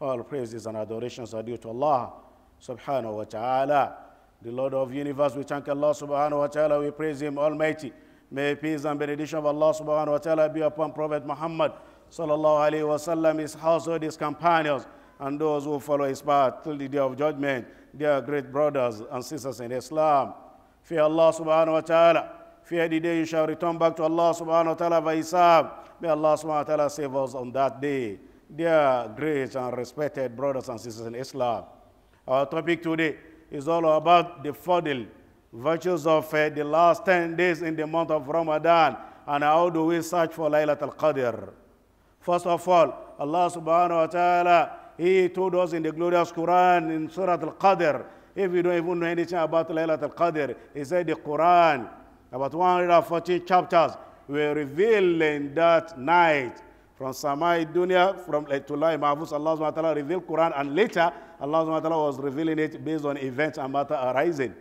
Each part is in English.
All praises and adorations are due to Allah subhanahu wa ta'ala. The Lord of universe, we thank Allah subhanahu wa ta'ala. We praise Him Almighty. May peace and benediction of Allah subhanahu wa ta'ala be upon Prophet Muhammad sallallahu alayhi wa sallam, his household, his companions, and those who follow his path till the day of judgment. They are great brothers and sisters in Islam. Fear Allah subhanahu wa ta'ala. Fear the day you shall return back to Allah subhanahu wa ta'ala by Isab. May Allah subhanahu wa ta'ala save us on that day. Dear great and respected brothers and sisters in Islam, our topic today is all about the fadl, virtues of uh, the last 10 days in the month of Ramadan, and how do we search for Laylatul Qadr. First of all, Allah subhanahu wa ta'ala, He told us in the glorious Quran in Surah Al-Qadr, if you don't even know anything about Laylatul Qadr, He said the Quran, about 140 chapters, were revealed in that night from Samai Dunya, from Laytullah Mahfuz, Allah subhanahu wa ta'ala revealed Quran, and later Allah subhanahu wa ta'ala was revealing it based on events and matter arising.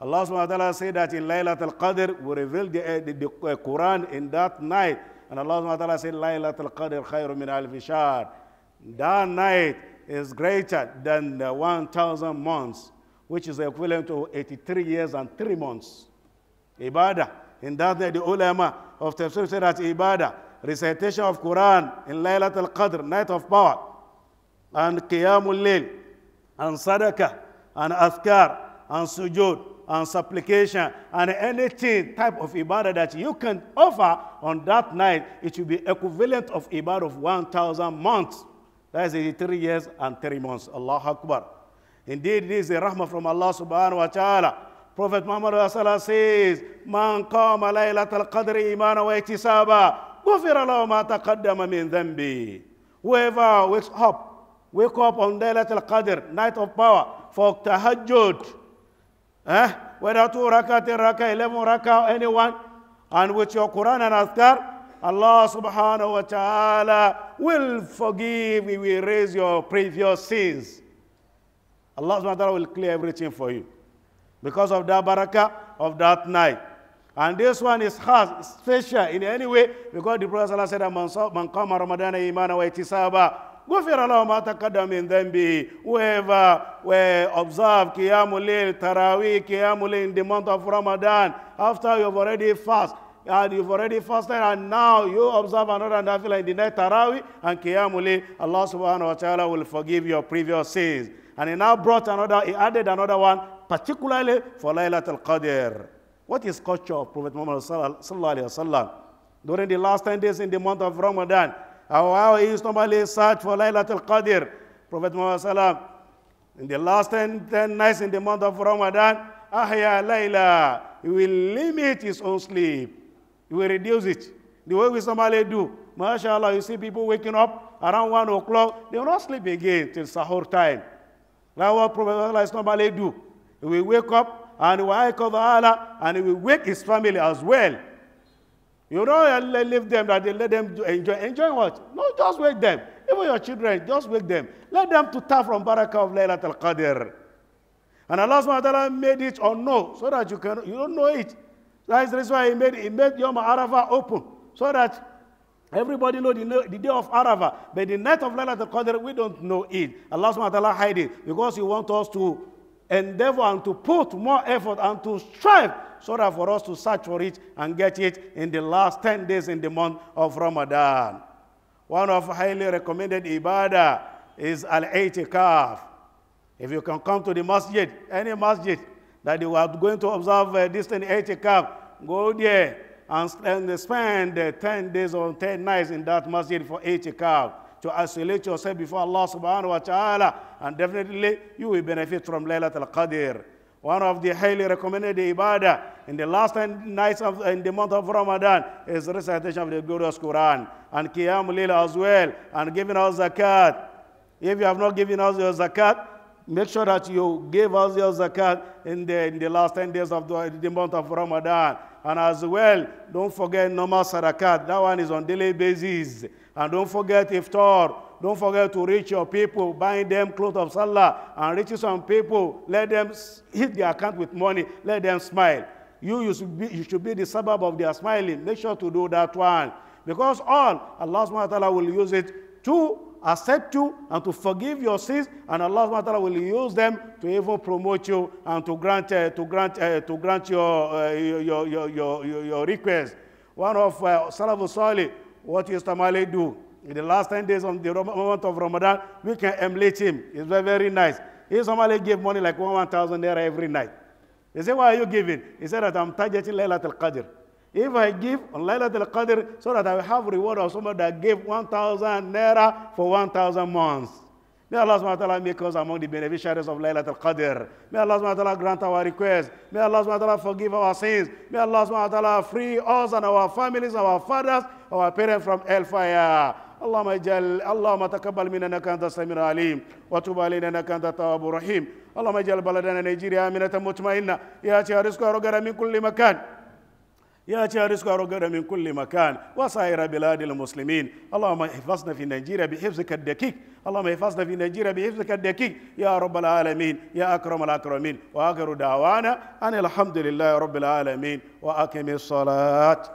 Allah subhanahu wa ta'ala said that in Laylat al-Qadr, we revealed the, uh, the, the uh, Quran in that night. And Allah subhanahu wa ta'ala said, Laylat al-Qadr khayru min al shahr. That night is greater than 1,000 months, which is equivalent to 83 years and 3 months. Ibadah. In that night, the ulama of Tafsir said that Ibadah recitation of Quran in Laylat al-Qadr, night of power, and Qiyamul Layl, and Sadaqah, and Azkar, and Sujud, and supplication, and anything type of ibadah that you can offer on that night, it will be equivalent of ibadah of 1,000 months. That is 83 years and 3 months. Allah Akbar. Indeed, this is the rahmah from Allah subhanahu wa ta'ala. Prophet Muhammad says, Man qama al qadri imana wa itisaba غفر له ما تقدم من ذنبه whoever wakes up wake up on Laylat al-Qadr night of power for tahajjud eh? whether two rakat, raka, 11 raka anyone and with your Quran and Azkar Allah subhanahu wa ta'ala will forgive, you, will raise your previous sins. Allah subhanahu wa ta'ala will clear everything for you. Because of that barakah of that night. And this one is khas, special in any way because the Prophet said, Man qama Ramadan imana wa itisaba. غفر له ما تقدم من ذنبه whoever will observe Qiyamul Layl, Tarawih, Qiyamul Layl in the month of Ramadan after you've already fasted and you've already fasted and now you observe another nafila in the night Tarawih and Qiyamul Allah subhanahu wa ta'ala will forgive your previous sins. And he now brought another, he added another one particularly for Laylatul Qadr. What is culture of Prophet Muhammad sallallahu during the last 10 days in the month of Ramadan? How he used normally search for Laylatul Qadr. Prophet Muhammad sallam, in the last 10, 10 nights in the month of Ramadan, Ahya Layla, he will limit his own sleep. He will reduce it. The way we normally do. mashallah. you see people waking up around 1 o'clock. They will not sleep again till sahur time. That's what Prophet Muhammad normally do. He will wake up, and other, and he will wake his family as well. You don't leave them that they let them enjoy. Enjoy what? No, just wake them. Even your children, just wake them. Let them to tap from barakah of Laylat al-Qadr. And Allah subhanahu wa ta'ala made it unknown so that you can you don't know it. That's the reason why he made he made Yom Arafah open so that everybody know the, the day of Arafah. But the night of Laylat al-Qadr, we don't know it. Allah subhanahu wa ta'ala hide it because he wants us to endeavor and to put more effort and to strive so that for us to search for it and get it in the last 10 days in the month of Ramadan. One of highly recommended ibadah is al-i'tikaf. If you can come to the masjid, any masjid that you are going to observe a uh, this thing, i'tikaf, go there and, spend uh, 10 days or 10 nights in that masjid for i'tikaf to isolate yourself before Allah subhanahu wa ta'ala. And definitely you will benefit from Laylat Al Qadr. One of the highly recommended ibadah in the last nights of in the month of Ramadan is recitation of the glorious Quran and Qiyam Layla as well and giving us zakat. If you have not given us your zakat, make sure that you give us your zakat in the, in the last 10 days of the, the month of Ramadan. And as well, don't forget normal sadakat. That one is on daily basis. And don't forget iftar. Don't forget to reach your people, buying them clothes of salah, and reach some people. Let them hit their account with money. Let them smile. You, you, should be, you should be the suburb of their smiling. Make sure to do that one. Because all, Allah subhanahu wa ta'ala will use it to accept you and to forgive your sins, and Allah subhanahu wa ta'ala will use them to even promote you and to grant, uh, to grant, uh, to grant your, uh, your, your, your, your, your request. One of uh, Salafus Salih, what used Tamale do? In the last 10 days of the month of Ramadan, we can emulate him. It's very, very nice. He normally gave money like 1,000 naira every night. They say, why are you giving? He said that I'm targeting Laylat al-Qadr. If I give on al-Qadr, so that I will have reward of someone that gave 1,000 naira for 1,000 months. May Allah SWT make us among the beneficiaries of Laylat al-Qadr. May Allah subhanahu wa ta'ala grant our request. May Allah subhanahu ta'ala forgive our sins. May Allah subhanahu ta'ala free us and our families, our fathers, our parents from hellfire. اللهم اجعل اللهم تقبل منا انك انت السميع العليم وتب علينا انك انت التواب الرحيم اللهم اجعل بلدنا نيجيريا امنه مطمئنه ياتي رزقها رغدا من كل مكان يا رزق رغدا من كل مكان وسائر بلاد المسلمين اللهم احفظنا في نيجيريا بحفظك الدقيق اللهم احفظنا في نيجيريا بحفظك الدقيق يا رب العالمين يا اكرم الاكرمين واخر دعوانا ان الحمد لله رب العالمين واقم الصلاه